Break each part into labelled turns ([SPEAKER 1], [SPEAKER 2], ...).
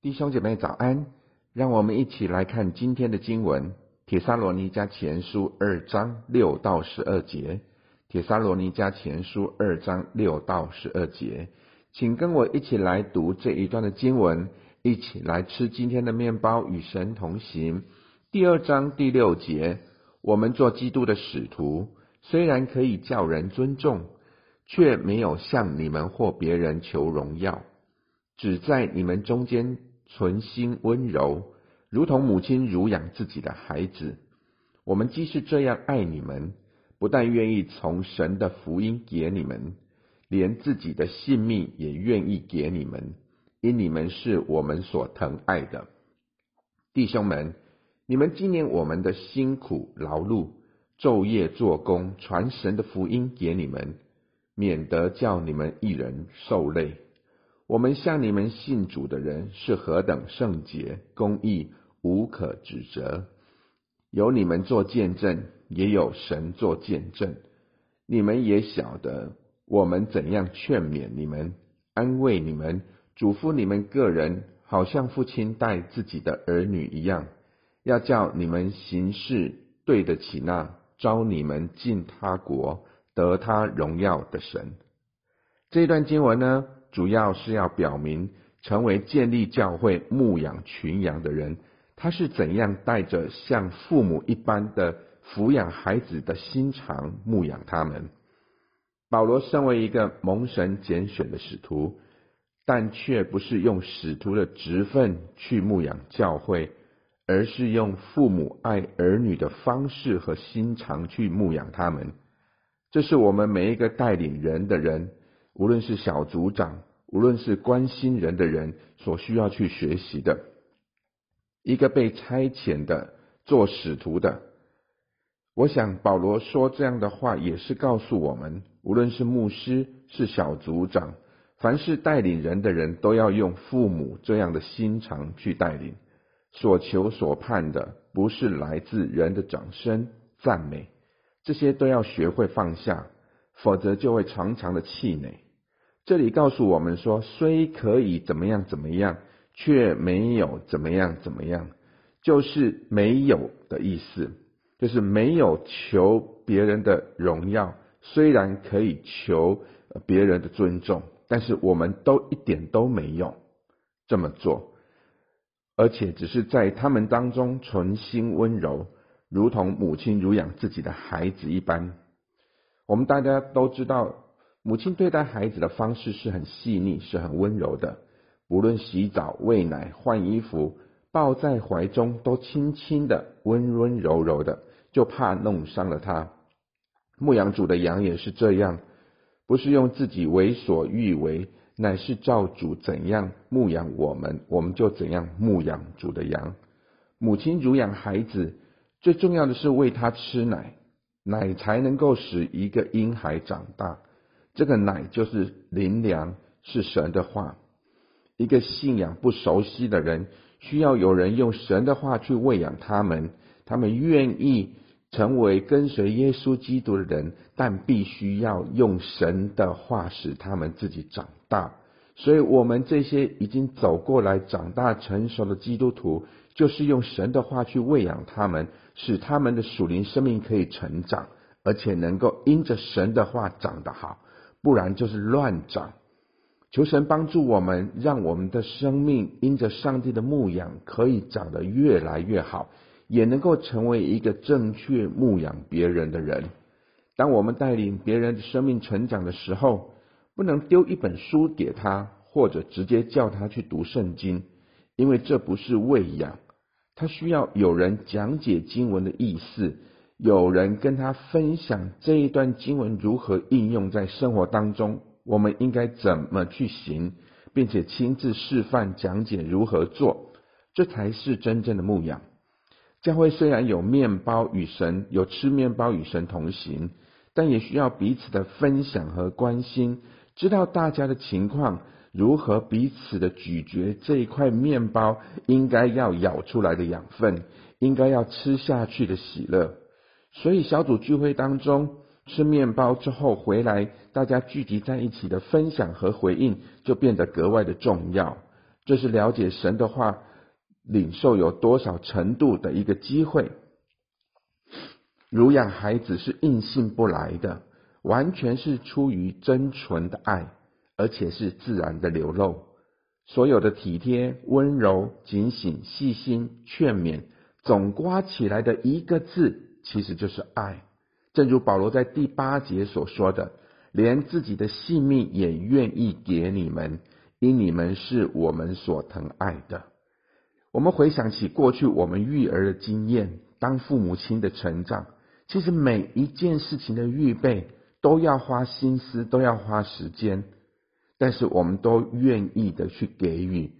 [SPEAKER 1] 弟兄姐妹早安，讓我們一起來看今天的經文《帖撒羅尼迦前書》二章六到十二節，《帖撒羅尼迦前書》二章六到十二節，請跟我一起來讀這一段的經文，一起來吃今天的麵包，與神同行。第二章第六節，我們做基督的使徒，雖然可以叫人尊重，却沒有向你們或別人求榮耀，只在你們中間。存心溫柔，如同母親乳養自己的孩子。我們既是這樣愛你們，不但願意從神的福音給你們，連自己的性命也願意給你們，因你們是我們所疼愛的。弟兄們，你們紀念我們的辛苦勞碌，晝夜做工，傳神的福音給你們，免得叫你們一人受累。我們向你們信主的人是何等聖潔、公義，無可指責。有你們做見證，也有神做見證。你們也曉得我們怎樣勸勉你們、安慰你們、囑咐你們個人，好像父親待自己的兒女一樣，要叫你們行事對得起那召你們進他國、得他榮耀的神。這段經文呢？主要是要表明，成為建立教會、牧養群羊的人，他是怎樣帶着像父母一般的撫養孩子的心腸牧養他們。保羅身為一個蒙神揀選的使徒，但卻不是用使徒的職分去牧養教會，而是用父母愛兒女的方式和心腸去牧養他們。這是我們每一個帶領人的人。無論是小組長，無論是關心人的人，所需要去學習的，一個被差遣的做使徒的，我想保羅說這樣的話，也是告訴我們，無論是牧師是小組長，凡是帶領人的人，都要用父母這樣的心腸去帶領。所求所盼的，不是來自人的掌聲讚美，這些都要學會放下，否則就會常常的氣餒。這裡告訴我們說，雖可以怎麼樣怎麼樣，卻沒有怎麼樣怎麼樣，就是沒有的意思，就是沒有求別人的榮耀。雖然可以求別人的尊重，但是我們都一點都沒有這麼做，而且只是在他們當中存心溫柔，如同母親乳養自己的孩子一般。我們大家都知道。母親對待孩子的方式是很細膩，是很溫柔的。無論洗澡、餵奶、換衣服、抱在懷中，都輕輕的、溫溫柔柔的，就怕弄傷了他。牧養主的羊也是這樣，不是用自己為所欲為，乃是照主怎樣牧養我們，我們就怎樣牧養主的羊。母親乳養孩子，最重要的是餵他吃奶，奶才能夠使一個嬰孩長大。這個奶就是靈糧，是神的話。一個信仰不熟悉的人，需要有人用神的話去餵養他們。他們願意成為跟隨耶穌基督的人，但必須要用神的話使他們自己長大。所以，我們這些已經走過來、長大成熟的基督徒，就是用神的話去餵養他們，使他們的屬靈生命可以成長，而且能夠因着神的話長得好。不然就是亂長。求神幫助我們，讓我們的生命因着上帝的牧養，可以長得越來越好，也能夠成為一個正確牧養別人的人。當我們帶領別人的生命成長的時候，不能丟一本書給他，或者直接叫他去讀聖經，因為這不是餵養。他需要有人講解經文的意思。有人跟他分享這一段經文如何應用在生活當中，我們應該怎麼去行，並且親自示範講解如何做，這才是真正的牧養。教會雖然有麵包與神，有吃麵包與神同行，但也需要彼此的分享和關心，知道大家的情況，如何彼此的咀嚼這一塊麵包應該要咬出來的養分，應該要吃下去的喜樂。所以小組聚會當中吃麵包之後回來，大家聚集在一起的分享和回應就變得格外的重要。這就是了解神的話領受有多少程度的一個機會。乳養孩子是硬性不來的，完全是出於真純的愛，而且是自然的流露。所有的體貼、溫柔、警醒、細心、勸勉，總括起來的一個字，其實就是愛，正如保羅在第八節所說的：“連自己的性命也願意給你們，因你們是我們所疼愛的。”我們回想起過去我們育兒的經驗，當父母親的成長，其實每一件事情的預備都要花心思，都要花時間，但是我們都願意的去給予。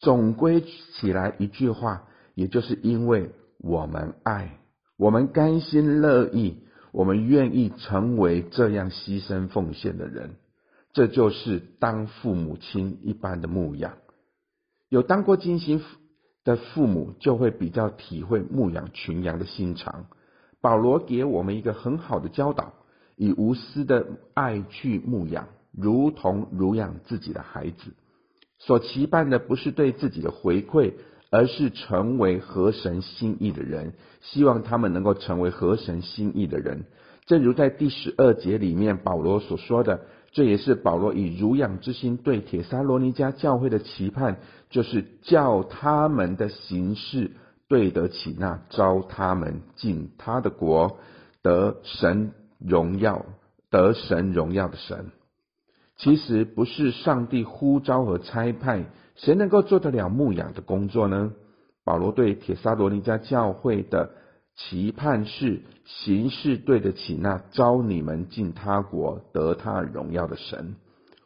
[SPEAKER 1] 總歸起來一句話，也就是因為我們愛。我們甘心樂意，我們願意成為這樣犧牲奉獻的人，這就是當父母親一般的牧養。有當過精心的父母，就會比較體會牧養群羊的心腸。保羅給我們一個很好的教導：以無私的愛去牧養，如同乳養自己的孩子。所期盼的，不是對自己的回饋。而是成為合神心意的人，希望他們能夠成為合神心意的人。正如在第十二節裡面保羅所說的，這也是保羅以乳養之心對帖撒羅尼迦教會的期盼，就是叫他們的行事對得起那召他們進他的國得神榮耀、得神榮耀的神。其實不是上帝呼召和差派，誰能夠做得了牧養的工作呢？保羅對帖撒羅尼迦教會的期盼是行事對得起那召你們進他國得他榮耀的神。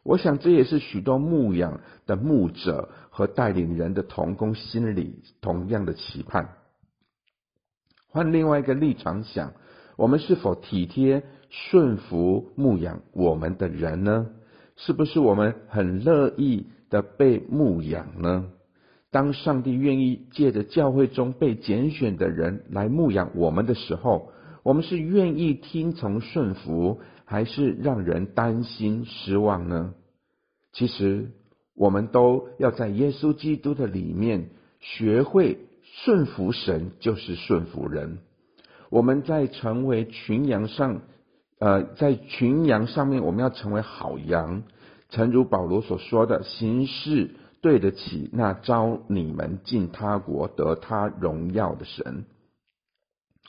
[SPEAKER 1] 我想這也是許多牧養的牧者和帶領人的同工心裡同樣的期盼。換另外一個立場想，我們是否體貼順服牧養我們的人呢？是不是我們很樂意的被牧養呢？當上帝願意借着教會中被揀選的人來牧養我們的時候，我們是願意聽從順服，還是讓人擔心失望呢？其實我們都要在耶穌基督的裡面學會順服神，就是順服人。我們在成為群羊上。呃，在群羊上面，我們要成為好羊，誠如保羅所說的，行事對得起那召你們進他國得他榮耀的神。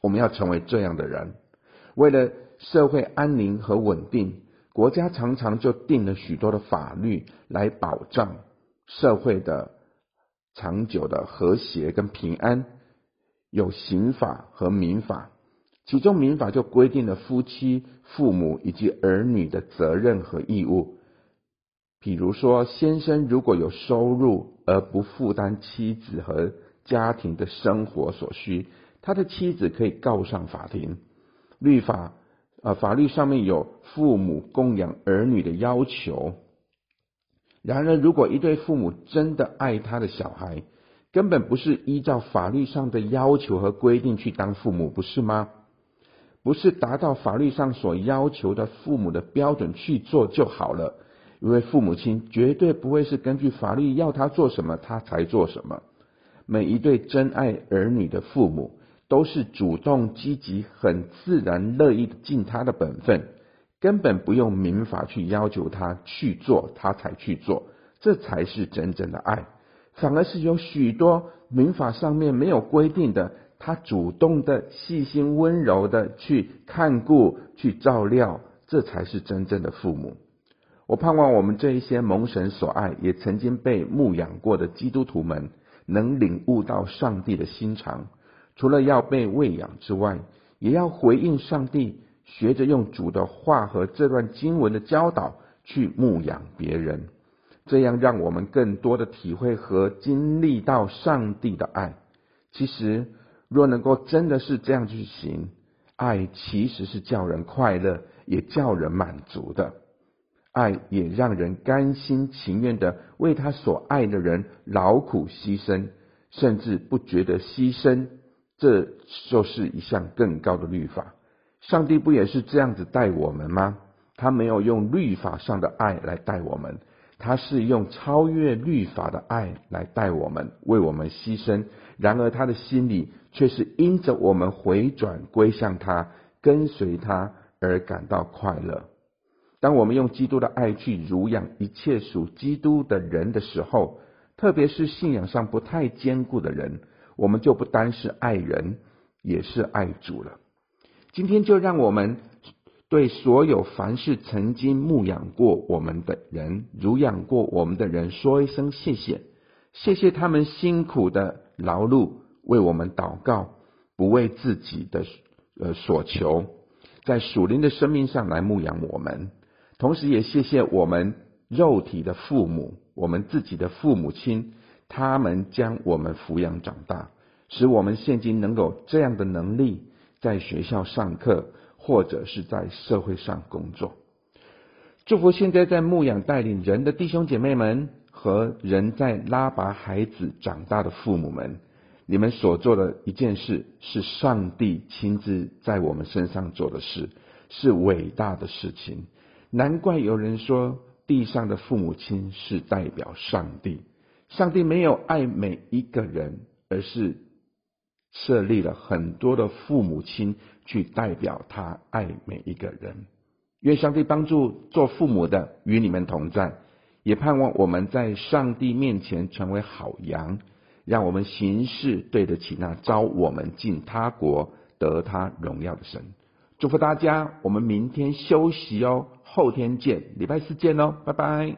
[SPEAKER 1] 我們要成為這樣的人，為了社會安寧和穩定，國家常常就定了許多的法律來保障社會的長久的和諧跟平安，有刑法和民法。其中民法就規定了夫妻、父母以及兒女的責任和義務。比如說，先生如果有收入而不負擔妻子和家庭的生活所需，他的妻子可以告上法庭。律法，呃，法律上面有父母供養兒女的要求。然而，如果一對父母真的愛他的小孩，根本不是依照法律上的要求和規定去當父母，不是嗎？不是達到法律上所要求的父母的標準去做就好了，因為父母親絕對不會是根據法律要他做什麼，他才做什麼。每一對真愛兒女的父母都是主動、積極、很自然、樂意盡他的本分，根本不用民法去要求他去做，他才去做，這才是真正的愛。反而是有許多民法上面沒有規定的。他主動的、細心、溫柔的去看顧、去照料，這才是真正的父母。我盼望我們這一些蒙神所愛、也曾經被牧養過的基督徒們，能領悟到上帝的心腸。除了要被餵養之外，也要回應上帝，學着用主的話和這段經文的教導去牧養別人。這樣，讓我們更多的體會和經歷到上帝的愛。其實若能夠真的是這樣去行，愛其實是叫人快樂，也叫人滿足的。愛也讓人甘心情願地為他所愛的人勞苦犧牲，甚至不覺得犧牲，這就是一項更高的律法。上帝不也是這樣子待我們嗎？他沒有用律法上的愛來待我們。他是用超越律法的愛來帶我們，為我們犧牲。然而他的心裡卻是因着我們回轉歸向他、跟隨他而感到快樂。當我們用基督的愛去濡養一切屬基督的人的時候，特別是信仰上不太堅固的人，我們就不單是愛人，也是愛主了。今天就讓我們。對所有凡是曾經牧養過我們的人、濡養過我們的人說一聲謝謝，謝謝他們辛苦的勞碌為我們禱告，不為自己的呃所求，在屬靈的生命上來牧養我們。同時也謝謝我們肉體的父母，我們自己的父母親，他們將我們撫養長大，使我們現今能夠這樣的能力在學校上課或者是在社會上工作，祝福現在在牧養帶領人的弟兄姐妹們和仍在拉拔孩子長大的父母們。你們所做的一件事是上帝親自在我們身上做的事，是偉大的事情。難怪有人說，地上的父母親是代表上帝。上帝沒有愛每一個人，而是設立了很多的父母親。去代表他愛每一個人，願上帝幫助做父母的與你們同在，也盼望我們在上帝面前成為好羊，讓我們行事對得起那召我們進他國得他榮耀的神。祝福大家，我們明天休息哦，後天見，禮拜四見哦，拜拜。